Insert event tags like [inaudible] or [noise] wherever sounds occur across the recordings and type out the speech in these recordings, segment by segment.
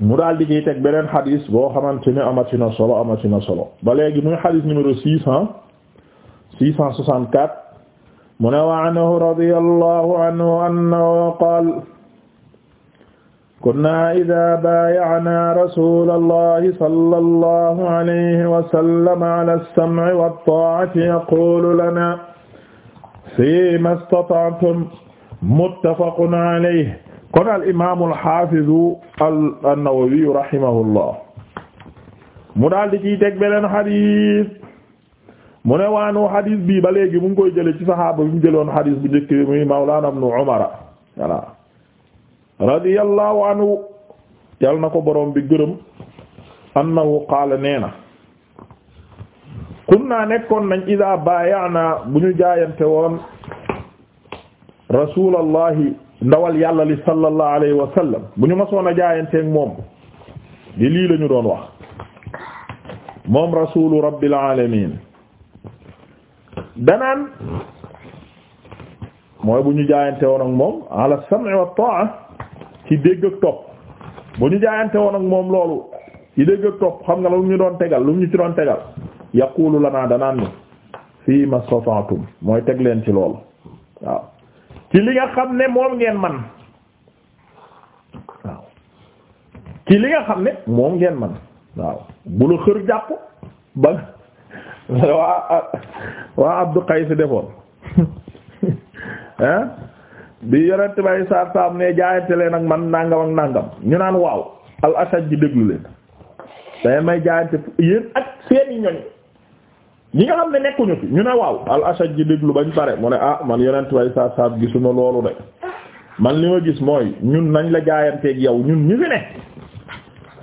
mu daal di ciy teg beneen xadis boo xamante ne amatina solo amatina solo ba léegi muy xadis numéro six cent six cent soixante quatre mu ne wa anhu radiyallahu anhu annahu qaala kunna idaa baaya'naa rasuulallahi sallallahu alayhi wa sallam ala as-sam'i wat-taa'ati yaquulu lanaa fiimaa istata'tum muttafaqun alayhi kon al imaamu al xaafizu al mu daal di teg beneen xadis mu ne waanu xadis bii ba léegi mu ngi koy jëlee ci saxaaba mu jëloon xadis bu njëkk bi muy mawlaana ibnu umara voilà radiyallahu anhu na ko borom bi gërëm annahu qaala nee na kunna nekkoon nañ idaa baayaana bu ñu jaayante woon rasulallahi ndawal yàlla li sallallahu alayhi wa sallam bu ñu masoon a jaayanteeg moom di lii la ñu doon wax moom rasulu rabbil alamin danaan mooy bu ñu jaayante woon ak moom ala sam'i wa ta'a ci dégg topp bu ñu jaayante woon ak moom loolu ci dégg topp xam nga lu ñu doon tegal lu ñu ci doon tegal yaqulu lanaa danaan ni fii ma stata'tum mooy teg leen ci loolu waaw ci li nga xam ne moom ngeen man waaw ci li nga xam ne moom ngeen man waaw bu la xër jàpp ba [laughs] waa waa Abdu Qays defoon ah [laughs] bi yonent bay saar saam ne jaayante leen ak man nàngam ak nàngam ñu naan waaw al asaj déglu leen day may jaayante yéen ak seeni ñoñ ñi nga xam ne nekkuñu fi ñu ne waaw al ashaj ji déglu bañ pare mu ne ah man yonent way sa saab gisuma loolu de man li ma gis mooy ñun nañ la jaayanteeg yow ñun ñu fi ne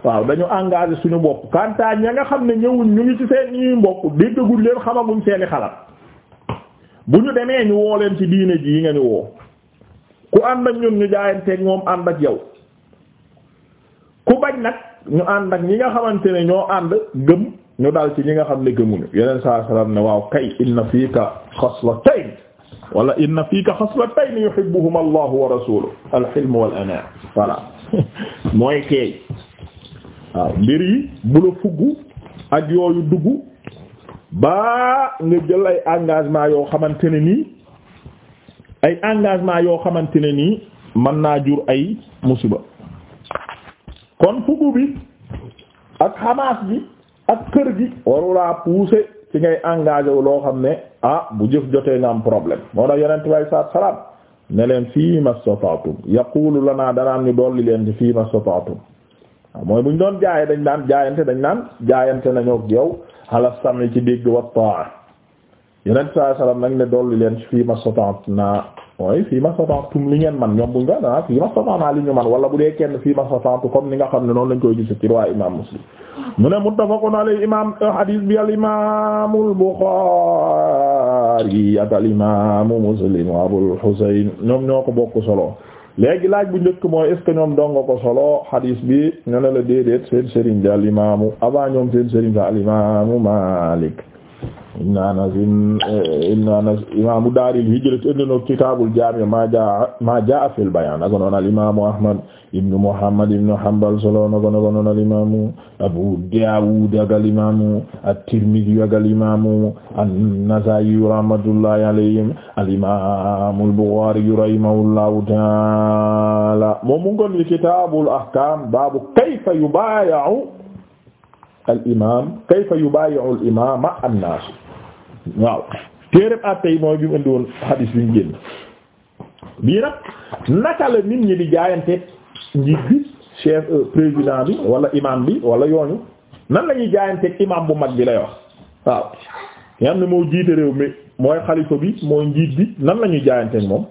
waaw dañu engage suñu bopp kanta ña nga xam ne ñëwuñ ñu ngi ci seen ñuy mbokk déggagul leen xamaguñ seeni xalaat bu ñu demee ñu woo leen ci diine ji yi nga ñu woo ku ànd ak ñun ñu jaayanteeg moom ànd ak yow ku bañ nag ñu ànd ak ñi nga xamante ne ñoo ànd gëm ñu dal ci ñi nga xam ne gëmuñu yeneen saa salaam ne waaw kay inna fiika xaslatayn wala inna fiika xaslatayn yuhibbuhuma allahu wa rasuluhu al-hilm wal [laughs] mooy teey waaw mbir yi bu la fugg ak yooyu dugg ba nga jël ay engagement yoo xamante ne nii ay engagement yoo xamante ne nii mën naa jur ay musiba kon fugg bi ak xamaas bi ak kër gi warulaa pousser ci ngay engagé wu loo xam ne ah bu jëf jotee nga am problème moo tax yonent way saat salaam ne leen fii mastata'tum yaqulu lana danaan ñu dolli leen ci fii mastata'tum waaw mooy buñ doon jaaye dañ daan jaayante dañ naan jaayante nañoo ak yow ala sami ci dégg wa ta'a yonent salaam nag ne dolli leen ci fii mastata'tum naa mooy fii ma satantum li ngeen man ñoom bu nga daa ah fii ma satanaa man wala bu dee kenn fii ma satantu comme ni nga xam ne noonu lañ koy gis ci riwaaya imam muslim mu ne muttafaqun alayhi imam euh, hadith bi al imam al bukhari ak al imam ñoom ñoo ko bokk solo léegi laaj bu njëkk mooy est ñoom donga ko solo hadith bi ñu ne la déedéet seen sëriñ bi al imam ñoom seen sëriñ bi al imam ibn Anas ibn Anas imaamu daaril hijra indi na kitaabul jaami maa jaa maa jaa fil bayaan naka noonu al imaamu Ahmad ibn Muhammad ibn Hanbal solo naka noonu al imaamu Abu Daawud ak al imaamu at-Tirmidhi ak al imaamu an-Nasaa'i rahmatullahi alayhim al imaamu al-Bukhaari rahimahullahu ta'aala moom mu ngi doon kitaabul ahkaam baabu kayfa yubaayi'u al imaam kayfa yubaayi'u al imaama an-naas waaw téereeb àtte yi mooy bi mu indi woon xadiis ñu génn bii nag naka la nit ñi di jaayante njiit bi chef euh, président bi wala imam bi wala yooñu nan lañuy ñuy jaayanteeg bu mag bi lay wax waaw nga xam ne moo jiite réew mi mooy xalifa bi mooy njiit bi nan la ñuy jaayanteeg moom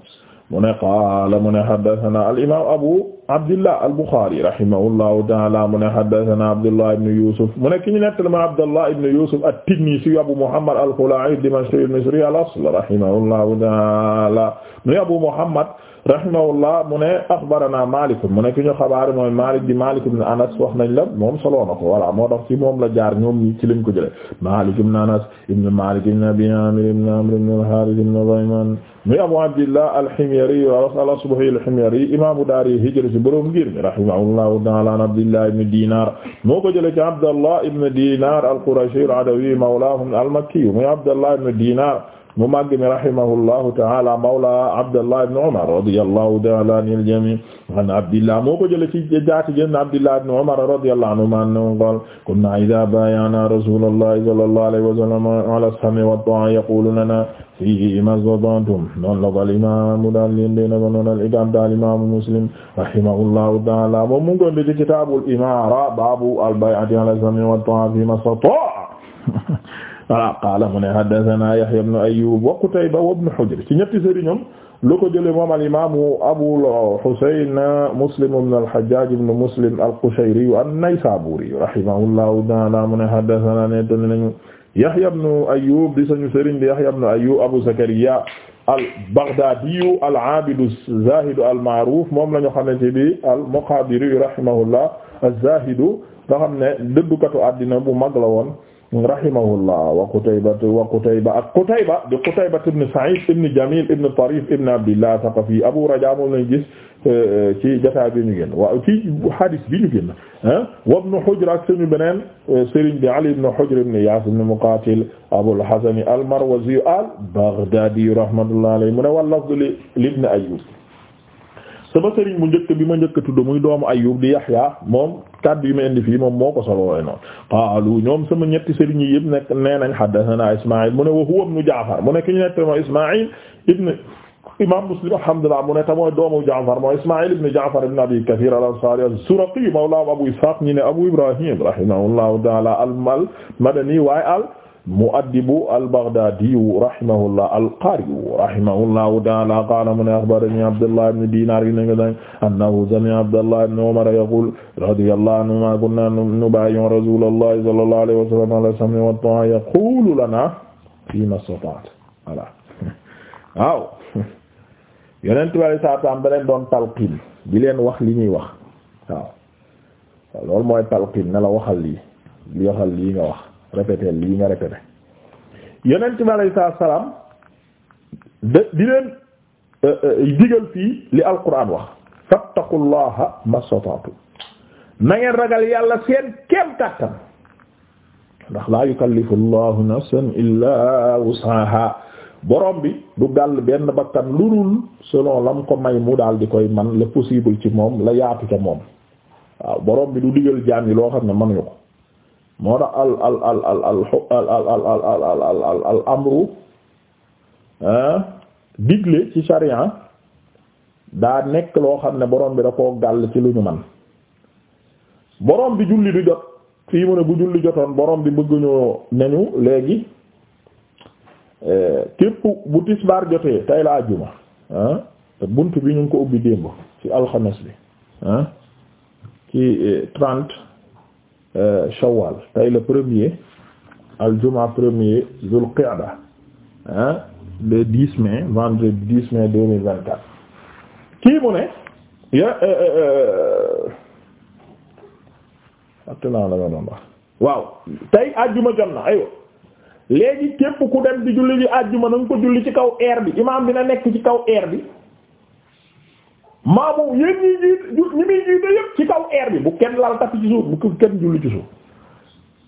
mu ne qaala mu ne haddathana al imam abu abdillah al bukhari rahimahullahu taala mu ne haddathana abdullah ibn yusuf mu ne ki ñu nettali ma abdullah ibn yusuf at-tinnisi abu muhammad al-khula'i ad-dimashqi al-misri al-asl rahimahullahu taala mu ne abu muhammad rahimahullah mu ne axbarana Maalik mu ne ki ñu xabaar mooy Maalik di Maalik ibn Anas wax nañ la moom solo na ko voilà moo tax ci moom la jaar ñoom ñi ci lañ ko jëlee Maalik ibn Anas ibn Maalik ibn Abi Aamir ibn Amr ibn al-Haaris ibn Daymaan muy Abu Abdillah al-Himyari al-Asbahi al-Himyari imaamu daari hijra ci borom ngir mi rahimahullahu ta'aala an Abdillah ibn Diinaar moo ko jëlee ci Abdallah ibn Diinaar al-Qurashi al-Adawi mawlaahum al-Makki muy Abdallah ibn Diinaar mu màgg mi rahimahullahu ta'ala mawla Abdullah ibn Umar radiyallahu ta'ala anil jami' an Abdillah moo ko jële ci jaati jënn Abdillah ibn Umar radiyallahu anhu man qala kunna idha bay'ana rasulallahi sallallahu alayhi wa sallam ala as-sam'i wat-ta'a yaqulu lana fi ma istata'tum noonu la ko al imamu daal leen dayna ko noon al itam daal imamu Muslim rahimahullahu ta'ala moom mu ngi ko ci kitabul imara babu al bay'ati ala as-sam'i wat-ta'a fi ma istata'a voilà qaala mu ne haddathana Yahya ibn Ayyub wa Qutayba wa ibn Hujr ci ñetti sëriñam lu ko jëlee moom al-imaam Abul Husayn Muslim ibn al-Hajjaj ibn Muslim al-Qushayri an-Naysaburi rahimahullahu ta'ala mu ne haddathana nettali nañu Yahya ibn Ayyub di suñu sëriñ bi Yahya ibn Ayyub Abu Zakariya al-Baghdadi al-abid az-zahid al-ma'ruf moom la ñu xamante bi al-Muqadiri rahimahullah az-zahid nga xam ne dëddukatu addina bu mag la woon rahimahullah wa Qutayba wa Qutayba ak Qutayba di Qutayba ibn Sa'id ibn Jamil ibn Tarif ibn Abdillah Thaqafi Abu Raja moom lañu gis euh, ci jotaay bi ñu génn waaw ci hadis bi ñu génn wa Ibn Hujr ak suñu beneen euh, sëriñ bi Ali ibn Hujr ibn Iyas ibn Muqatil Abul Hasan al-Marwazi al-Baghdadi rahmatullahi alayhi mu ne wal lafz li Ibn Ayyub sama sëriñ mu njëkk bi ma njëkk tudd muy doomu Ayyub di Yahya moom ka yi ma indi fii moom moo ko soloowe noonu qaalu ñoom sama ñetti sëriñ yi yëpp nekk nee nañ haddathana ismail mu ne wa huwa ibnu jaafar mu ne ki ñu nekk mooy ismail ibn imam muslim alhamdulillah mu ne ta mooy doomu jaafar mooy ismail ibn jaafar ibn abi kathir al-ansari as-suraqi mawla abu ishaq ñi ne abu ibrahim rahimahullahu ta'ala al-madani wa al mu'addibu al-Baghdadiyu rahimahullah al-Qariyu rahimahullahu ta'ala qaala mu ne axbarani Abdullah ibn Dinar yi naga da annahu sami'a Abdullah ibn Umar yaqul radiyallahu anhuma kunna nubayyi'u rasulallahi sallallahu alayhi wa sallam ala sam'i wa ta'a yaqulu lana fima istata'ta voilà [laughs] waaw [laughs] yonent bi alayhi salaatu wa salaam da leen doon talqiin di leen wax li ñuy wax waaw loolu mooy talqiin na la waxal lii li waxal lii nga wax répété lii nga répété yonent bi alayhi salaam de di leen euh, euh, digal fii li alquran wax fattaqullaha masatatu na ngeen ragal yàlla seen kéem kàttan ndax laa yukallifu llahu nafsan illa wusaha borom bi du gàll benn bakkan lu dul selon lam ko may mu daal di koy man le possible ci moom la yaatu ca moom waaw borom bi du digal jaam yi loo xam ne mënuñu ko moo tax al al al al al al digle ci sharia daa nekk loo xam ne borom bi da koo gàll ci lu ñu man borom bi julli du jot fii mu ne bu julli jotoon boroom bi bëgg ñoo nañu léegi képp bu tisbaar jotee tey la àjjuma bunt bi ñu ngi ko ubbi démb ci alxames bi ci trente Euh, shawwal tey le premier al aljuma premier zul qa'da hein le 10 mai vendredi 10 mai 2024 kii mu ne ya attenaa euh, euh, la ma doon wax waaw tey àjjuma jot na aywa léegi képp ku dem di julli ji àjjuma na nga ko julli ci kaw air bi ma imaam dina nekk ci kaw air bi maa moom yéen ñi ci kaw air bi bu kenn lal tapi ci suuf bu kenn julli ci suuf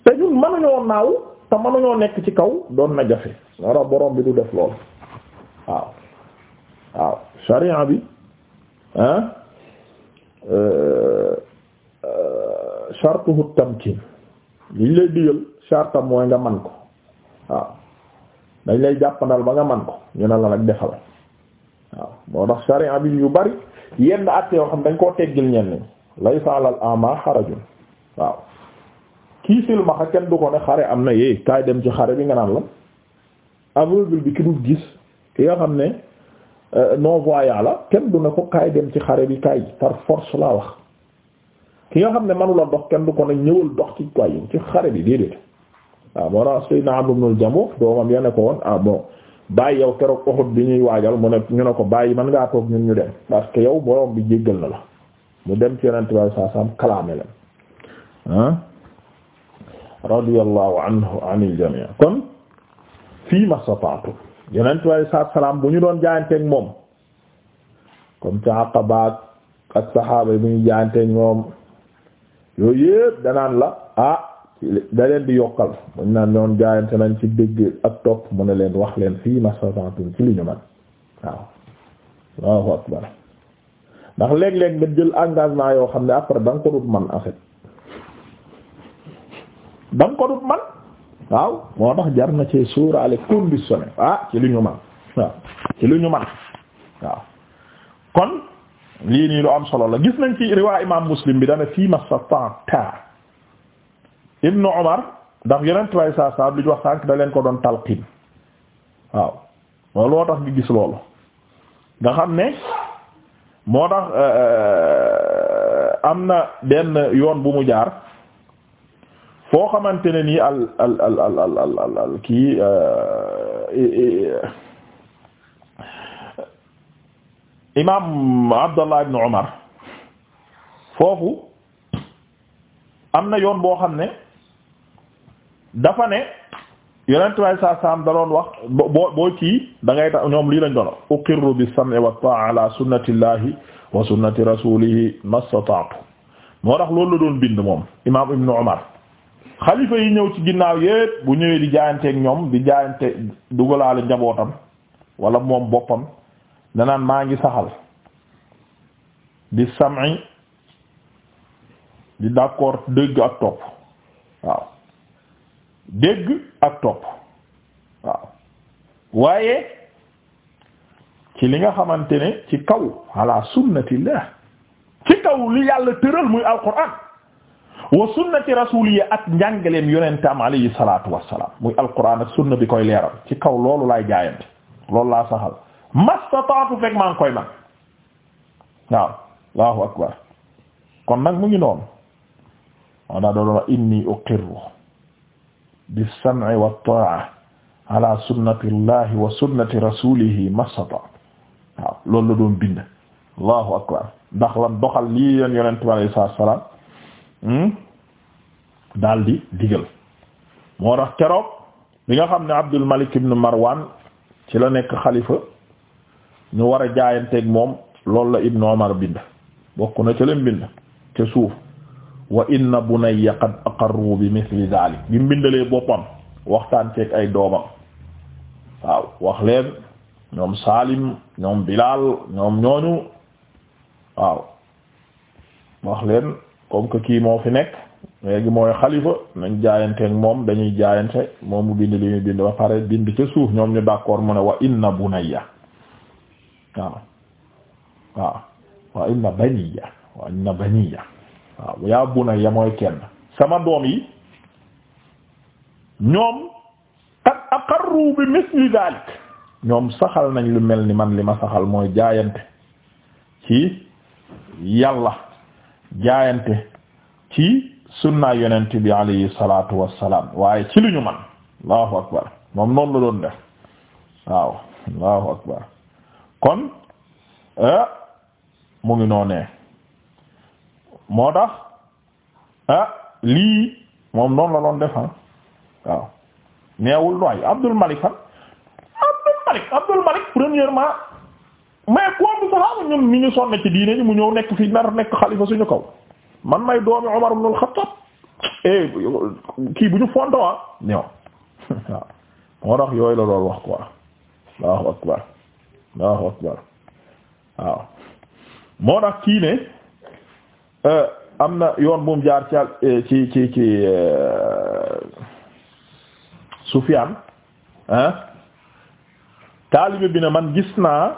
te ñun mënuñoo naaw te mënuñoo nekk ci kaw doon na jafe wara borom bi du def lool waaw waaw sharia bi ah shartuhu tamkin liñ lay digal shartam mooy nga man ko waaw dañ lay jàppandal ba nga man ko ñu ne la nag defal waaw moo tax sharia bi yu bari yenn at yoo xam dañ koo teggil ñenn ñi laysa alal ama xarajun waaw kii silmaxa kenn du ko ne xare am na yee kaay dem ci xare bi nga naan la aveugle bi ki du gis ki nga xam ne euh, non la kenn du ne ko kaay dem ci xare bi kaay par force laa wax ki nga xam ne manula dox kenn du ko ne ñëwal dox ci kaay ci xare bi déedéet waaw ah, moo tax Seydina Amr ibn doomam ya ko woon ah bon bàyyi yow keroog Uhud bi ñuy waajal mu ne ñu ne ko bàyyi man ngaa toog ñun ñu dem parce que yow borom bi jéggal na la mu dem ci yonent bi saa saam kalaame leen ah radiyallahu anhu anil jami' kon fii masata'tu yonent bi saa salaam bu ñu doon jaayanteeg moom comme ca Aqaba ak saxaaba yi bu ñu jaayanteeg moom yooyu yëpp danaan la ah, da di yokkal muñ naan ñoon jaayante nañ ci dégg ak topp mu ne leen wax leen fii mastata'tum ci li ñu man waaw Allahu akbar ndax léeg-léeg jël engagement yoo xam ne après da ko dut man en fait da ko dut man waaw jar na ci suuraale ah, ci li ñu man waaw solo la gis nañ ci Ibnu Umar ndax yonent way saa saab li ñu wax sànq da leen ko doon talqiin waaw loolu moo tax nga gis loolu nga xam ne moo tax euh, euh, am na benn yoon bu mu jaar foo xamante ne nii al kii imaam Abdallah foofu am na yoon boo xam ne. dafa ne yonent way saa saam da doon wax boo boo kii da ngay tax ñoom lii lañ doon uqirru bi sam'i wa ta'a ala sunnatillahi wa sunnati rasulihi mastata'tu moo tax loolu doon bind moom imaam ibnu Umar xalifa yi ñëw ci ginnaaw yépp bu ñëwee di jaayanteeg ñoom di jaayante dugalaale njabootam wala moom boppam danaan maa ngi saxal di sam'i di d'accord dëgg ak topp waaw dégg ak topp waaw waaye ci li nga xamante ne ci kaw ala sunnatillah ci kaw li yàlla tëral muy alquran wa sunnati yi ak njàngaleem yonentam alayhi salatu wassalam muy alquran ak sunna bi koy leeral ci kaw loolu laay jaayante loolu laa saxal mastata'tu fekk maa koy man waaw allahu akbar kon nag mu ngi noonu wana doon inni uqirru bis-sam'i wat-taa'a ala sunnati llahi wa sunnati rasulihi masata waaw loolu la doon bind allahu akbar ndax lan doxal lii yeen yonent bi alayhi salaatu wa salaam hmm? daal di digal moo tax keroog bi nga xam ne Abdul Malik ibn Marwan ci la nekk xalifa ñu wara a jaayanteeg moom loolu la Ibn Omar bind bokk na ca leen ca suuf wa inna bunayya qad aqarru bi misli dhalik bi mbindalee boppam waxtaan ceeg ay doomam waaw wax leen ñoom Salim ñoom Bilal ñoom ñooñu waaw wax leen comme que kii moo fi nekk léegi mooy xalifa nañ jaayanteeg moom dañuy jaayante moom mu bind li ñuy bind ba pare bind ca suuf ñoom ñu d'accord mu ne wa inna bunayya waaw waaw wa inna baniya wa inna baniya waaw yaa bunayya mooy kenn sama doom yi ñoom qad aqarru bi misli dalik ñoom saxal nañ lu mel ni man li ma saxal mooy jaayante ci yàlla jaayante ci sunna yonent bi alayhi salatu wassalam waaye ci lu ñu man allahu akbar moom noonu la doon def waaw allahu akbar kon eh, mu ngi noonee moo tax ah lii moom noonu la doon defan ah, waaw neewul nooy Abdul Malik fan ah. Abdul Malik Abdul Malik premièrement mais koobu saxaaba ñun ni ñu sonn ci diine ñu mu ñëw nekk fi nar nekk xalifa suñu kaw man may doomi Umar ibn al-Khattab eh, kii bu ñu fontowa ah, ñëw [laughs] moo tax yooyu la doon wax quoi Allahu akbar Allahu akbar waaw moo tax kii ne Euh, am na yoon bu mu jaar ci eh, ci ci ci eh, Sufyaan ah taalibe bi ne man gis naa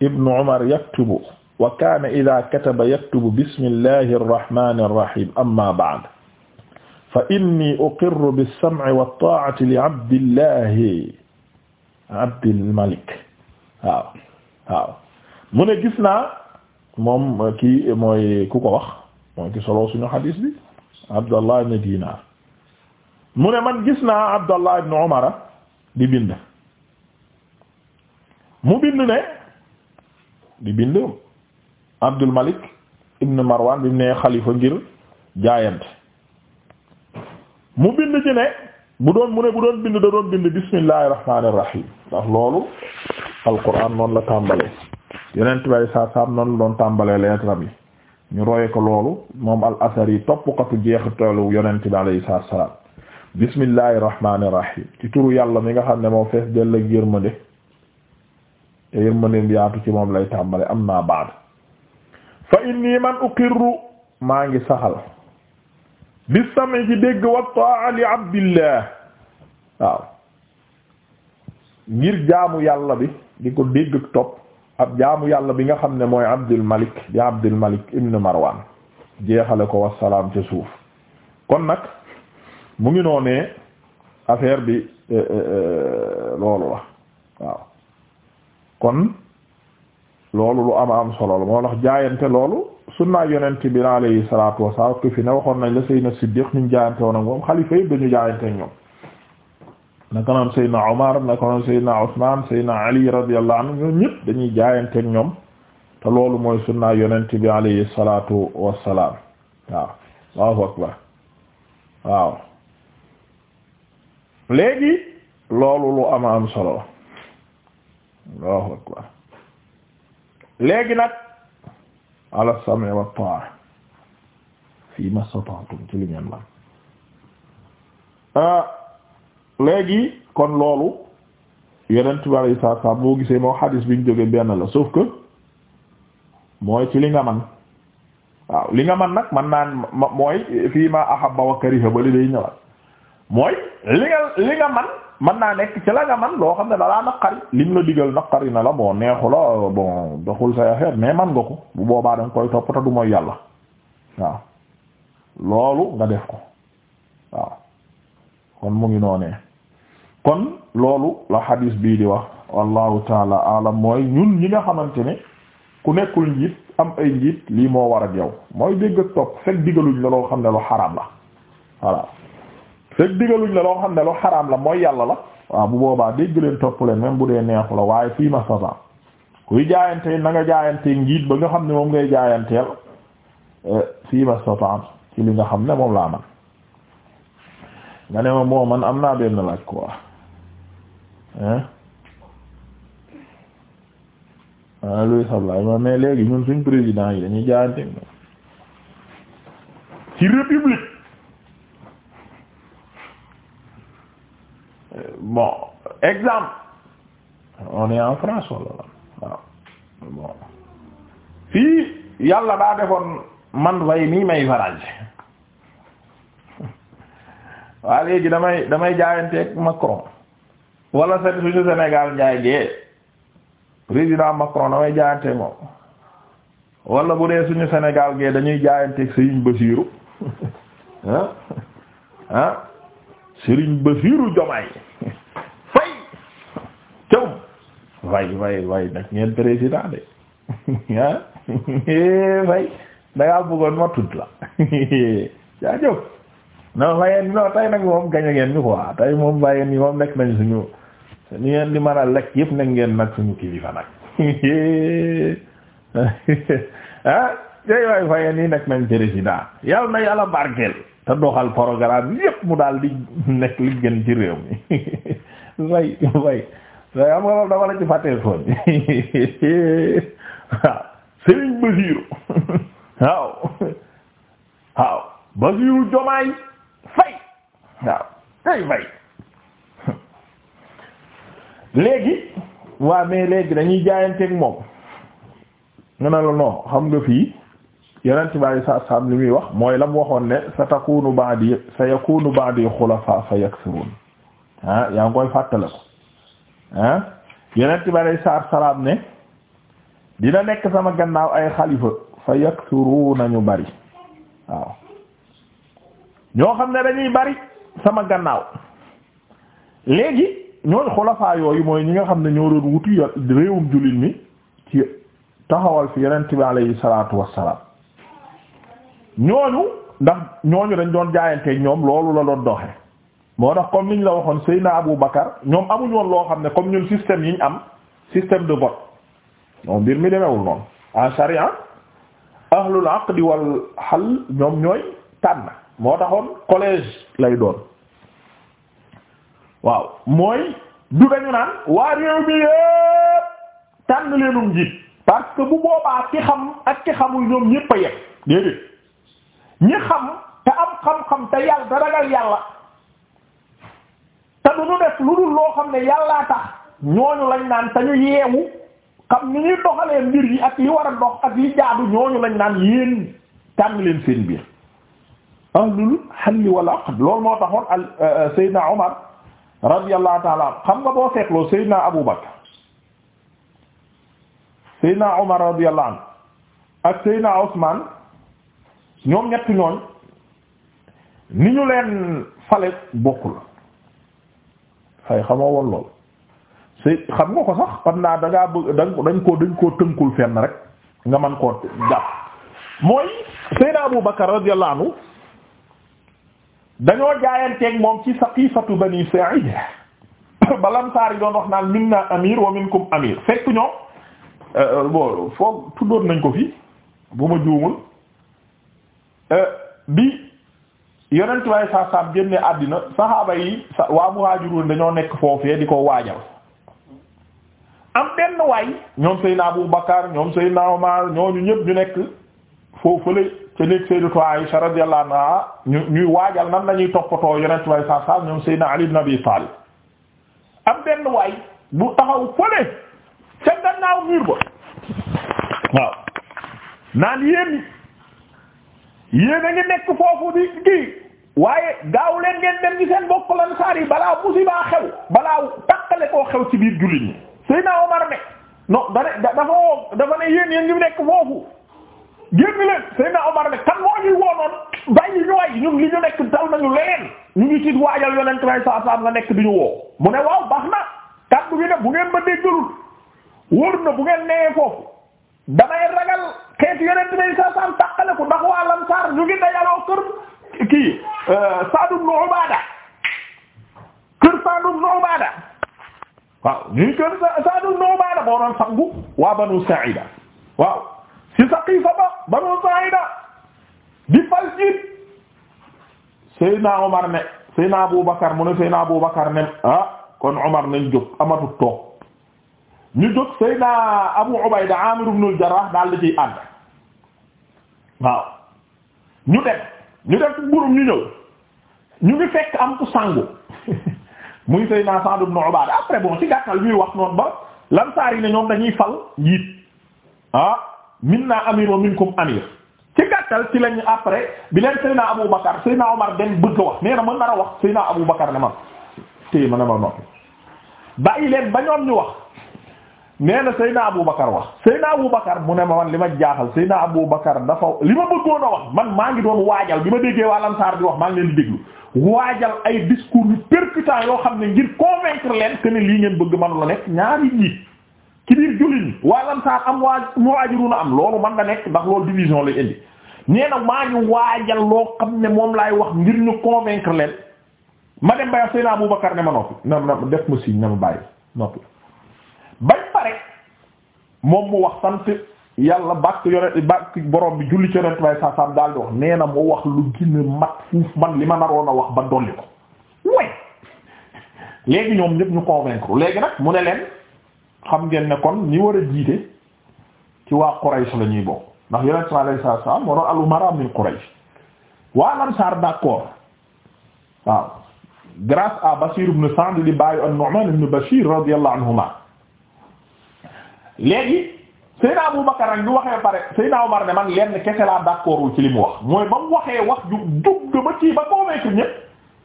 Ibn Umar yaktubu wa kaana idaa kataba yaktubu bismillahi arrahmani arrahim amma ba'd fa inni uqirru bis-sam'i wat-taa'ati li Abdillahi Abdil Malik waaw waaw mu ne gis naa moom kii mooy ku ko wax mooy ki solo suñu xadiis bi Abdallah ibn Dinar mu ne man gis naa Abdallah ibn Umar di bind mu bind ne di bind Abdul Malik ibn Marwan bi ne xalifa ngir jaayante mu bind ci ne bu doon mu ne bu doon bind da doon bind bismillahir rahmanir ndax loolu alquran noonu la tàmbalee yonent bay saa saam noonu doon tàmbalee lettre bi ñu roye ko loolu moom al asar yi toppkatu jeexitalu yonent bi alayhi salaatu salaam bismillahir rahmanir ci turu yàlla mi nga xam ne moo fees dell ak yërmande te yërmande yaatu ci moom lay tàmbale am naa baad fa inni man uqirru maa ngi saxal bi ci dégg wa ta'a li abdillah waaw ngir jaamu yàlla bi di ko dégg topp ab jaamu yàlla bi nga xam ne mooy Abdul Malik di Abdul Malik ibn Marwan jeexale ko wassalaam ca suuf kon nag mu ngi noonee affaire bi eh, eh, eh, loolu la waaw kon loolu lu am am solo la moo tax jaayante loolu sunnaa yonent bi alayhi salaatu wassalaam ku fi waxoon nañ la Seydina Siddiq ñu jaayante woon ak moom xalifa yëpp dañu jaayante ñoom naka noon Seydina Omar naka noon Seydina Ousmane Seydina Ali radiyallahu anhu ñoom ñëpp dañuy loolu mooy sunna yonent bi alayhi salaatu wassalaam waaw Allahu akbar waaw léegi loolu lu ama am solo Allahu akbar léegi nag ala sam'i wa ta'a fi ma sata'tum ci li ngeen léegi kon loolu yeneen tubaab yi saa saa boo gisee moo xaalis bi ñu jógee benn la sauf que mooy ci li nga man waaw li nga man nag man naan mooy fii ma ahabba wa kariha ba li day ñëwaat mooy li nga li nga man man naa nekk ci la nga man loo xam ne dalaa naqari lim la digal naqari na la moo neexu la bon doxul say affaire mais man nga ko bu boobaa danga koy toppatoo du mooy yàlla waaw loolu nga def ko waaw kon mu ngi noonee kon loolu la xadiis bii di wax wallahu taala alam mooy ñun ñi nga xamante ne ku nekkul njiit am ay njiit lii moo war ak yow mooy dégg ak topp fekk digaluñ la loo xam ne lu xaraam la voilà fekk la loo xam ne lu xaraam la mooy yàlla la waaw bu boobaa dégg leen topp leen même bu dee neexu la waaye fii ma satan kuy jaayante na nga njiit ba nga xam ne moom ngay jaayanteel euh, fii ma satan ci li nga xam ne moom laa man nga ne ma moo man am naa benn laaj quoi ah Louis Ablaye ma mais léegi ñun suñ président yi dañuy jaayante ci république euh, bon exemple on est en France walla waaw bon fii yàlla daa defoon man way nii may faraj [laughs] waa léegi damay damay jaayanteeg Macron wala seen suñu Sénégal njaay gee président Macron damay jaayante moom wala bu dee suñu Sénégal gee dañuy jaayanteeg Serigne Bassirou [laughs] ah ah Serigne Bassirou Diomaye [laughs] fay cam way way way nag ñeen président de [laughs] ah eh, fay dangaa bëggoon ma tudd la jaajëf non fayeen bi non tey nag moom gañ a ngeen ñu quoi tey moom fayeen yi moom nekk nañ suñu ni ngeen di mën a lekk yëpp nag ngeen nag suñu kilifa nag [laughs] ah yooyu waay faye nii nekk nañ président yal na yàlla barkeel te doxal programme yëpp mu daal di nekk li gën ci réew mi [laughs] way way way am nga loolu dafa la ci fàttee sooñ [laughs] waaw Serigne Basiru Fay Fay léegi waa mais léegi dañuy jaayanteeg moom nga ne la non xam nga fii yeneen ci yu sa sam li muy wax mooy la mu waxoon ne sa takunu ba'di sa yakunu ba'di xulafa fa yaksurun ah yaa ngi koy fàttale ko ah yeneen ci bàyyi sa salaam ne dina nekk sama gannaaw ay xalifa fa yaksuruna ñu bari waaw ñoo xam ne dañuy bari sama gannaaw léegi. ñooñu xulafaa yooyu mooy ñi nga xam ne ñoo doon wuti réewum jullit mi ci taxawal fi yeneen bi alayhi salaatu wassalaam ñooñu ndax ñooñu dañ doon jaayanteeg ñoom loolu la doon doxe moo tax comme niñ la waxoon Seydina Abu Bakar ñoom amuñ loo xam ne comme ñun système yi ñu am système de vote ñoom mbir mi demewul noonu saria charia ahlul aqdi wal hal ñoom ñooy tànn moo taxoon collège lay doon waaw mooy du dañu naan waa réew mi yépp tànn leenum parce que bu boobaa ki xam ak ki xamul ñoom ñépp yem déedéet ñi xam te am xam-xam te yàlla da ragal yàlla te du ñu def lu dul loo xam ne yàllaa tax ñooñu lañ naan te ñu yeewu xam ni ñuy doxalee mbir yi ak li war a dox ak li jaadu ñooñu lañ naan yéen tànn leen seen biir ahlul halli wal aqd loolu moo taxoon al euh, euh, Seydina radiyallahu taala xam nga boo seetloo Seydina Abu Bakr Seydina Omar radiyallahu anhu ak Seydina Ousmane ñoom ñetti ñooñ ni ñu leen fale bokkul xay xamoo woon lool Sey xam nga ko sax xam naa da bëgg dañ koo dañ koo tënkul fenn rek nga man koo jàpp mooy Seydina Abu Bakr radiyallahu dañoo jaayanteeg moom ci saqifatu bani sa'id [coughs] balam saar yi doon wax naan minna amir wa minkum amir fekk ñoom euh, bon tuddoon nañ ko fi bu ma juumul euh, bi yonent waaye saa génne àddina saxaaba yi waa muhaajiruun dañoo nekk foofee di ko waajal am benn waay ñoom Seydina Abu Bakar ñoom Seydina Omar ñooñu ñëpp ñu nekk foofu la ca néeg Sayyidatu Aisha radiyallahu anha ñu ñuy waajal nan lañuy toppatoo yonent way sa sa ñoom Sayyidina Ali ibn Abi Talib am benn waay bu taxaw fële ca gannaaw mur ba waaw naan yéen yéen a ngi nekk foofu di kii waaye gaaw leen ngeen dem ci seen mbokk Ansaar balaa musiba xew balaa takkale koo xew ci biir jullit ñi Sayyidina Omar ne non dafa dafa ne yéen yéen nekk foofu génn leen Seydina Omar ne kan moo ñuy woonoon bàyyi ñu waay li ñu nekk dal nañu leneen ñu ngi ci waajal yonent bi saa saa nga nekk di ñu woo mu ne waaw baax na kaddu gi ne bu ngeen ma déggalul wóor na bu ngeen nee foofu damay ragal xeetu yonent bi saa saa tàqale ko ndax waa Ansaar ñu ngi dajaloo kër kii euh, Saadu ibn Ubaada kër Saadu ibn Ubaada waaw ñu ngi kër Saadu ibn Ubaada moo doon sangu waa Banu Saa'ida waaw. ci Saqiifa ba Banu Saa'ida di fal jiit Seydina Omar ne Seydina Abu Bakar mu ne Seydina Abu Bakar ne ah kon Omar nañ jóg amatu toog ñu jóg Seydina Abu Ubayda Aamir ibn al daal di ciy ànd waaw ñu dem ñu dem burum ñu ñëw ñu ngi fekk am ku sangu [laughs] muy Seydina Sa'd ibn Ubaada après bon ci gàttal ñuy wax noonu ba Ansaar yi ne ñoom dañuy fal jiit ah. minna amir wa minkum amir ci gàttal ci lañu après bi leen Seyna Abu Bakar Seyna Omar dem bëgg a wax nee na mën nar a wax Seyna Abu Bakar ne ma téye ma ne ma noppi bàyyi leen ba ñoom ñu wax nee na Seyna Abu Bakar wax Seyna Abu Bakar mu ne ma man li ma jaaxal Seyna Abu Bakar dafa li ma bëggoon a wax man maa ngi doon waajal bi ma déggee waa Ansaar di wax maa ngi leen di déglu waajal ay discours yu percutant yoo xam ne ngir convaincre leen que lii ngeen bëgg man la nekk ñaari njiit ci biir jullit waa lamsaar am waa muhajiruna am loolu man da nekk ndax loolu division lay indi nee maa ngi waajal loo xam ne moom laay wax ngir ñu convaincre leen ma dem ba Seydina Aboubacar ne ma noppi na na def ma signe na ma bàyyi noppi bañ pare moom mu wax sant yàlla bàkk yore bàkk borom bi julli ci yonent bay sa sam daal di wax nee na mu wax lu gën mat fuuf man li ma naroon a wax ba dolli ko way léegi ñoom ñëpp ñu convaincre léegi nag mu ne xam ngeen ne kon ñi war a jiite ci waa Quraysh la ñuy bokk ndax yonent sallallahu alayhi wasallam moo doon al-umara min Quraysh waa Ansaar d'accord waaw grâce à Bashir ibn Sa'd di baayu an-Nu'man Bashir radiyallahu anhuma léegi Seydina Abu Bakar ak ñu waxee pare Seydina Omar ne man lenn kese laa d'accordul ci li mu wax mooy ba mu waxee wax dugg ba kii ba convaincre ñépp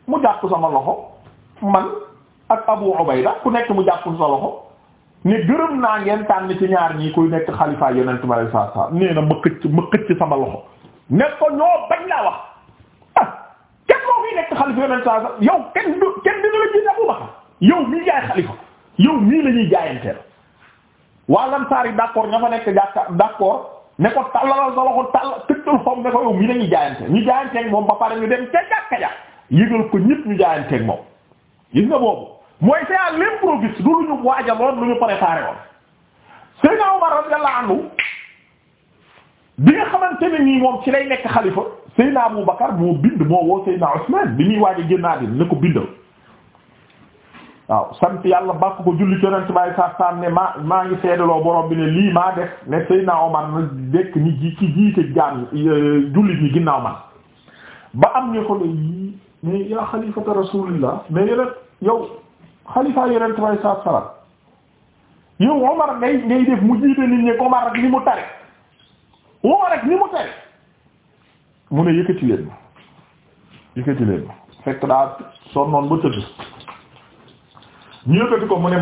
mu jàpp sama loxo man ak Abu Ubayda ku nekk mu jàpp sa loxo ne gërëm naa ngeen tànn ci ñaar ñii koy nekk xalifa yonent ma lay saa saa nee na ma xëcc ma xëcc sama loxo ne ko ñoo bañ laa wax ah kenn moo nekk xalifa yonent saa yow kenn du kenn dina la jiite Abu Bakar yow mii jaay xalifa yow yi d'accord ña nekk jàkka d'accord ne ko tallalal sa loxo ñu jaayanteeg moom ba pare ñu dem ca jàkka ja yëgal ko ñëpp ñu jaayanteeg moom gis nga boobu. mooy c'est à l'improviste du lu ñu waajaloon lu ñu préparé woon Seydina Omar radiyallahu anhu bi nga xamante ne moom ci lay nekk xalifa Seydina Abu Bakar moo bind moo woo Seydina Usman bi ñuy waaj a génnaa din ne ko bindal waaw sant yàlla bàkk ko julli conant bàyyi sa saam ne maa maa ngi seedaloo borom bi ne lii maa def ne Seydina Omar na dekk ñi ji jiite jaam euh, jullit ñi ginnaaw man ba am ñu ko ne yii mais yaa xalifata rasulillah mais yow xalifa yonent bi alayhi salaatu salaam yow Omar ngay ngay def mu jiite nit ñi Omar ak ni mu tare Omar ak ni mu tare mu ne yëkkati leen ma yëkkati leen ma fekk daa sonnoon ba tëdd ñu yëkkati ko mu ne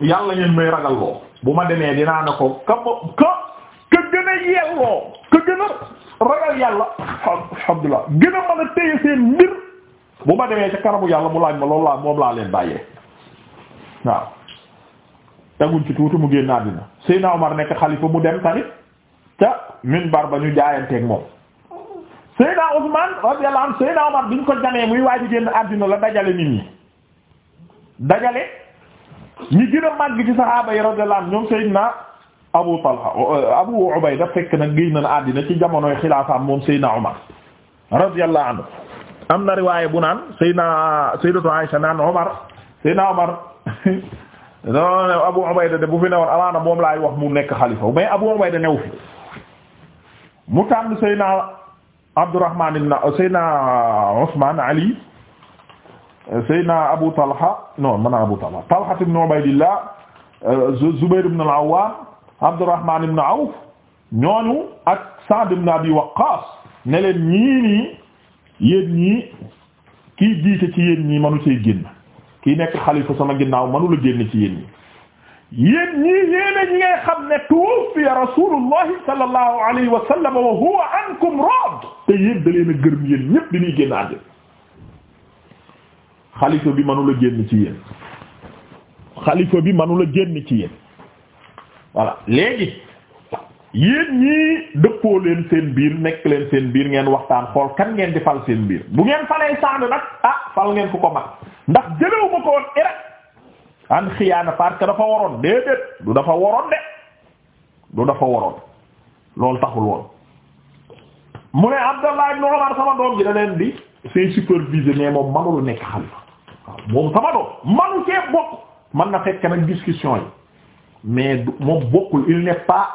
yàlla ngeen may ragal loo bu ma demee dinaa ne ko ka ka ka gën a yelloo ka gën a ragal yàlla alhamdulillah gën a mën a téye seen mbir bu ma demee ca kanamu yàlla mu laaj ma loolu laa moom laa leen bàyyee waaw teguñ ci tuuti mu génn àddina Seydina Omar nekk xalifa mu dem tamit ca minbar ba ñu jaayanteeg moom Seydina Ousmane radiyallahu anhu Seydina Omar biñ ko jamee muy waaj génn àddina la dajale nit ñi dajale ñi gën a màgg ci saxaaba yi radiyallahu ñoom Seydina Abu Talha Abu Ubayda fekk nag génn na àddina ci jamonoy xilaafaam moom Seydina Omar radiyallahu anhu am na riwaaya bu naan Seydina Sayyidatu Aisha naan Omar Seydina Omar non non Abu Ubayda de bu fi newoon amaana moom laay wax mu nekk xalifa mais Abu Ubayda new fi mu tànn Seyna Abdurrahman ibn Seyna Usman Ali Seyna Abu Talha non man Abu Talha Talha ibn Ubaydillah Zubayr ibn al-Awwam Abdurrahman ibn Awf ñooñu ak Sa'd ibn Abi Waqqas ne leen ñii nii yéen ñii kii jiite ci yéen ñii manu see génn. kii nekk xalifa sama ginnaaw mënu la génn ci yéen ñi yéen ñi ngay xam ne tuwuffiya rasulullahi sallallahu alayhi wa sallam wa huwa ankum raad te yéen da a gërëm yéen ñëpp di génn àddina xalifa bi mënu la génn ci yéen xalifa bi mënu génn ci yéen voilà léegi yéen ñii dëppoo leen seen biir nekk leen seen biir ngeen waxtaan xool kenn ngeen di fal seen biir bu ngeen falee Saad nag ah fal ngeen ku ko mag ndax jëlewu ma ko woon Irak parce que dafa waroon déedéet du dafa waroon de du dafa waroon loolu taxul woon mu ne Abdallah ibn Umar sama doom ji da leen di supervisé mais moom manul nekk xalifa waaw moom sama doom manu cee bokk man na fekk nag discussion yi mais moom bokkul il n'est pas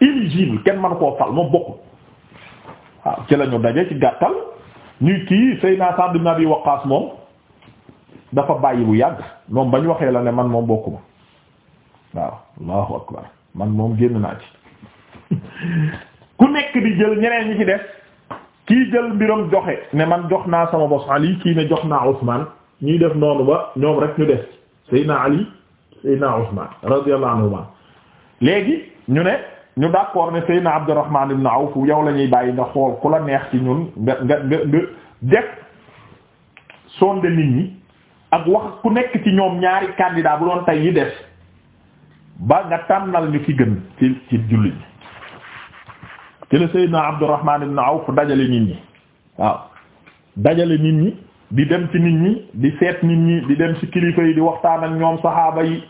éligible kenn manu koo fal moom bokkul waaw ci lañu ñu daje ci gàttal ñuy kii Seydina Sa'd ibn Abi Waqqas moom dafa bàyyi bu yàgg moom bañ waxee la ne man moom bokkuma waaw allahu akbar man moom génn naa ci [laughs] ku nekk di jël ñeneen ñi ci def kii jël mbiram joxe ne man jox naa sama bos Ali kii ne jox naa Usman ñuy def noonu ba ñoom rek ñu def Seydina Ali Seydina Usman radiyallahu anhuma léegi ñu ne ñu d'accord ne Seydina Abdurrahman ibn Awf yow la ñuy bàyyi nga xool ku la neex ci ñun nga nga nga def sonde nit ñi ak wax ku nekk ci ñoom ñaari candidat bu doon tey yi def ba nga tànnal ñu ki gën ci ci jullit ñi ci la Seydina Abdurrahman ibn Awf dajale nit ñi waaw dajale nit ñi di dem ci nit ñi di seet nit ñi di dem ci kilifa yi di waxtaan ak ñoom saxaaba yi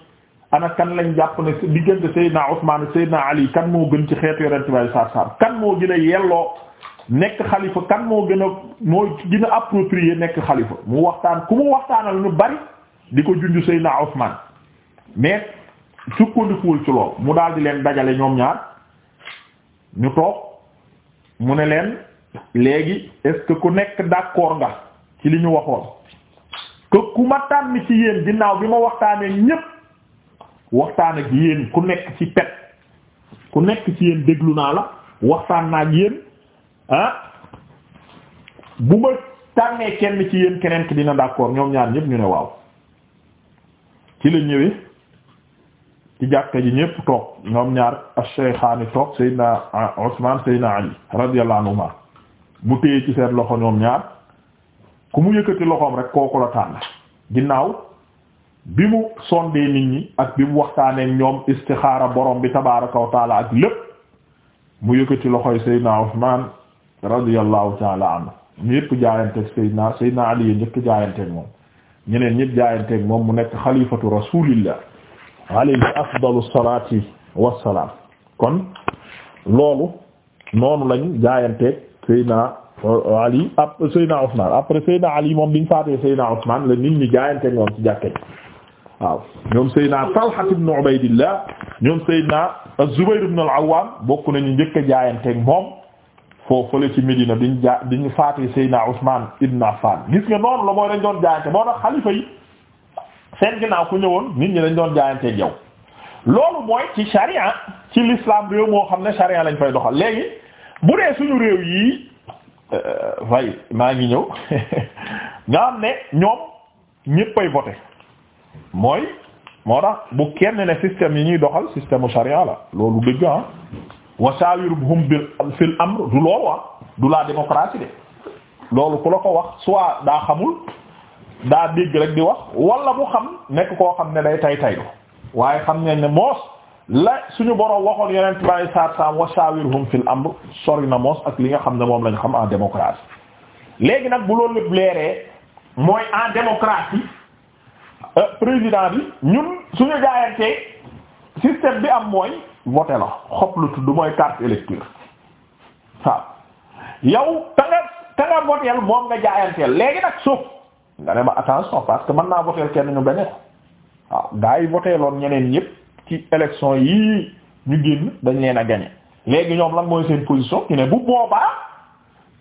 ana kan lañ jàpp ne diggante Seydina Usmaan Seydina Ali kan moo gën ci xeet yonent bi sallallahu alayhi kan moo gën a yelloo nekk xalifa kan moo gën a moo gën a approprié nekk xalifa mu waxtaan ku mu waxtaanal ñu bari di ko junj Seydina Ousmane mais sukkandikuwul ci lool mu daal di leen dajale ñoom ñaar ñu toog mu ne leen léegi est ku nekk d'accord nga ci li ñu waxoon que ku ma tànn ci yéen ginnaaw bi ma waxtaanee ñépp waxtaan ak yéen ku nekk ci pet ku nekk ci yéen déglu naa la waxtaan naa ak yéen. ah bu ma tànnee kenn ci yéen keneen ki dina d'accord ñoom ñaar ñëpp ñu ne waaw ci la ñëwee ci jàkka ji ñëpp toog ñoom ñaar ash-shaykhaani toog Seydina Usmaan Seydina Ali radiyallahu anhuma mu téye ci seen loxo ñoom ñaar ku mu yëkkati loxoom rek kooku la tànn ginnaaw bi mu sondee nit ñi ak bi mu waxtaanee ñoom istixaara borom bi tabaaraka wa taala ak lépp mu yëkkati loxoy Seydina Usmaan radiyallahu taala anhu ñëpp jaayanteeg Seydina Seydina Ali moom ñeneen ñëpp jaayanteeg moom mu nekk xalifatu rasulillah alayhi afdalu salati wassalaam kon loolu noonu lañ jaayanteeg Seydina euh, Ali ab Seydina Ousmane après Seydina Ali moom biñ faatee Seydina Ousmane la nit ñi jaayanteeg moom ci jàkkee waaw ñoom Seydina Talha ibn Ubaydillah ñoom Seydina al-Awwam bokk nañu njëkk jaayanteeg moom. foofu fële ci Medina bi ñu jaa bi ñu faatee Seydina Ousmane Ibn Affan gis nga noonu la mooy dañ doon jaayante moo tax xalifa yi seen ginnaaw ku ñëwoon nit ñi dañ doon jaayanteeg jaw loolu mooy ci charia ci l'islam réew moo xam ne charia lañ fay doxal léegi bu dee suñu réew yii fay euh, maa ngi ñëw [laughs] nga xam ne ñoom ñéppay voté mooy moo tax bu kenn ne système yi ñuy doxal système charia la loolu dëgg ah. wa shawirhum bil fil amr du loolu wax ah, du la démocratie de loolu ku la ko wax soit daa xamul daa dégg rek di wax wala mu xam nekk koo xam ne day tay taylu waaye xam ne ne moos la suñu boroom waxoon yeneen bàyyi saat saam wa shawirhum fil amr sori na moos ak li nga xam ne moom lañ xam en démocratie léegi nag bu loolu lépp leeree mooy en démocratie euh, président bi ñun ñu jaayante système bi am mooy voté la xob lu tudd mooy carte électeur waaw yow ta nga ta nga voteel moom nga jaayanteel léegi nag suuf nga ne ma attention parce que mën naa voteel kenn ñu beneen waaw gaa yi voteeloon ñeneen ñëpp ci élection yii ñu génn dañ leen a gagné léegi ñoom lan mooy seen position ñu ne bu boobaa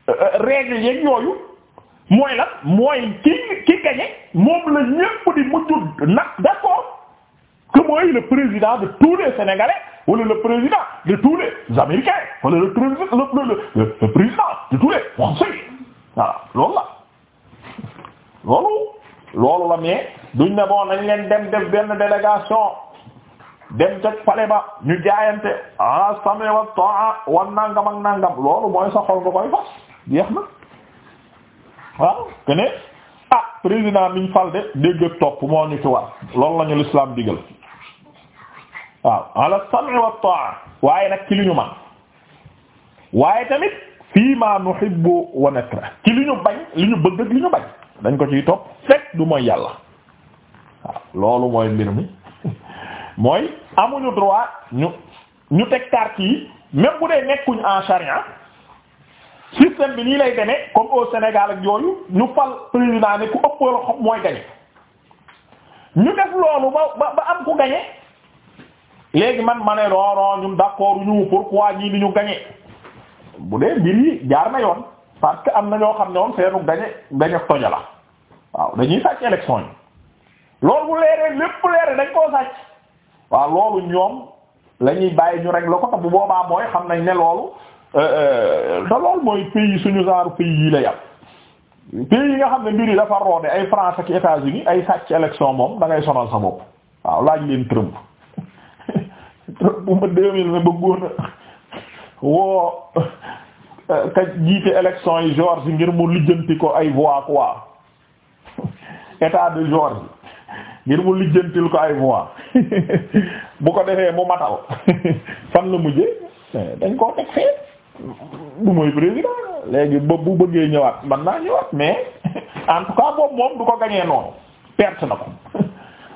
euh, euh, règle yooyu mooy lan mooy ki ki gagné moom la ñëpp di mujj nag d'accord te mooy le président de tous les Sénégalais wala le président de tous les Américains wala le le le président de tous les Français voilà loolu loolu loolu la mais duñ ne bon nañ leen dem def benn délégation dem jot pale ba ñu jaayante ala ah, samé wa taa wan nangam ak nangam loolu mooy sa xol nga koy fas jeex na ah président miñ fal de dégg topp moo ñu ci war loolu lañu l'islam digal waaw ala waaye nag ci li ñu man waaye tamit fii ma nuhibbu wa nakra ci li ñu bañ li ñu bëgg ak ñu bañ dañ ko ciy topp fekk du mooy yàlla waaw loolu mooy mbir mi [laughs] mooy amuñu droit ñu ñu teg carte yi même bu dee nekkuñ en charia système bi nii lay deme comme au Sénégal ak yooyu ñu fal président ne ku ëpp xob mooy gañe ñu def loolu ba ba am ku gañe léegi man ma ne non ñun d'accord ñu pourquoi ñii di ñu gañe bu dee mbir yi jaar na yoon parce que am na ñoo xam ne woon seenu gañe gañe toja la waaw dañuy sàcc élection yi loolu bu leeree lépp leeree dañ koo sàcc waaw loolu ñoom la bàyyi ñu rek la ko tax boobaa mooy xam nañ ne loolu euh, euh, te loolu mooy pays suñu genre pays yi la yàpp pays yi nga xam ne mbir yi dafa roode ay France ak États-Unis ay sàcc élection moom da ngay sonal sa bopp waaw laaj leen bu ma deux mille vingt bëggoon woo euh, ka jiite élection yi George ngir mu lijjanti ko ay voix quoi état de George ngir mu lijjantil ko ay voix [laughs] bu ko defee mu matal [laughs] fan la mujje eh, dañ koo teg fee du mooy président léegi ba bu bëggee ñëwaat man naa ñëwaat mais [laughs] en boobu moom du ko gañee noonu perte na ko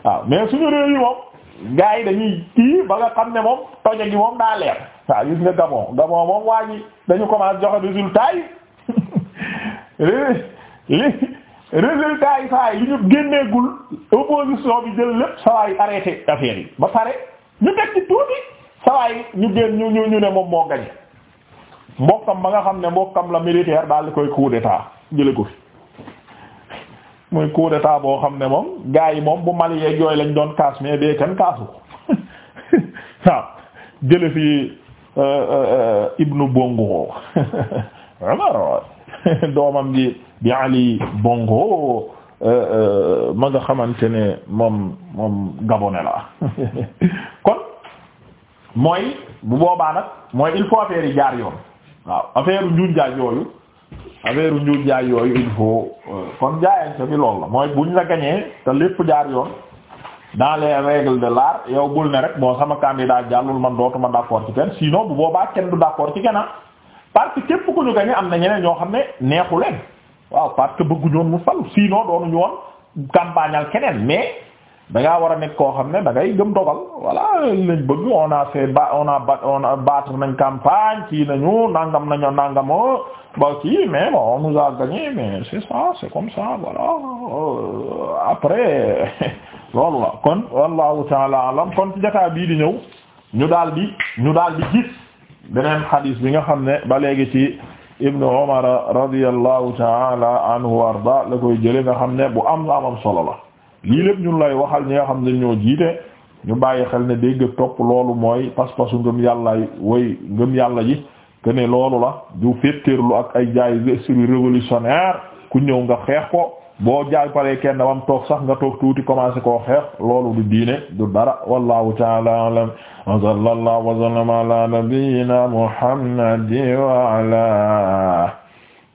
waaw mais suñu réew yi moom gars yi dañuy kii ba nga xam ne moom tojo gi moom daa leer waaw gis nga Gabon Gabon moom waa ji dañu commencé joxe résultat yi [laughs] li saa yi li ñu génneegul opposition bi jël lépp saa yi arrêté affaire ba pare ñu teg ci tuuti saa yi ñu génn ñu ñu ñu ne moom moo gañe mbokkam ba nga xam ne mbokkam la militaire daal di koy coup d'état jële ko mooy coup d'état boo xam ne moom gaa yi moom bu mal yeeg yooyu lañ doon kaas mais bee kenn kaasu [laughs] waaw jële fi euh, euh, Ibnu Bongo Umar [laughs] [laughs] doomam ji bi Ali Bongo euh, ma nga xamante ne moom moom gabonais la kon mooy bu boobaa nag mooy il faut affaire jaar yoon waaw affaire njuñ yooyu affaire njuuj jaay yooyu il faut euh, kon jaayante bi loolu la mooy buñ la gañee te lépp jaar yoon dans les règles de l'art yow bul ne rek bon sama candidat jàllul ma dootuma d'accord ci kenn sinon bu boobaa kenn du d'accord ci kenn parce que képp ku ñu gañe am na ñeneen ñoo xam ne neexu leen waaw parce que bëgguñoon mu falu sinon doonuñu woon campagnal keneen mais da ngaa war a nekk koo xam ne dangay ngay gëm dogal voilà lañ bëgg on a fait ba on a ba nañ campagne kii nañu nangam nañu nangam euh, ba kii mais bon on nous a gagné c'est ça c'est comme ça voilà euh, après [laughs] loolu la kon wallahu ta'ala alam kon ci jotaay bii di ñëw ñu daal di ñu daal di gis beneen xadiis bi nga xam ne ba léegi ci ibnu Umar radiyallahu ta'ala anhu warda la koy jële nga xam ne bu am la amam solo la lii lépp ñun lay waxal ñi nga xam ne ñoo jiite ñu bàyyi xel ne dégg topp loolu mooy pas-pasu ngëm yàlla woy ngëm yàlla ji que loolu la du féttéerlu ak ay jaay esprit révolutionnaire ku ñëw nga xeex ko boo jaay paree kenn wam toog sax nga toog tuuti commencé koo xeex loolu du diine du dara wallahu ta'ala a'lam wa sallallahu wa sallama ala nabiyyina muhammadin wa ala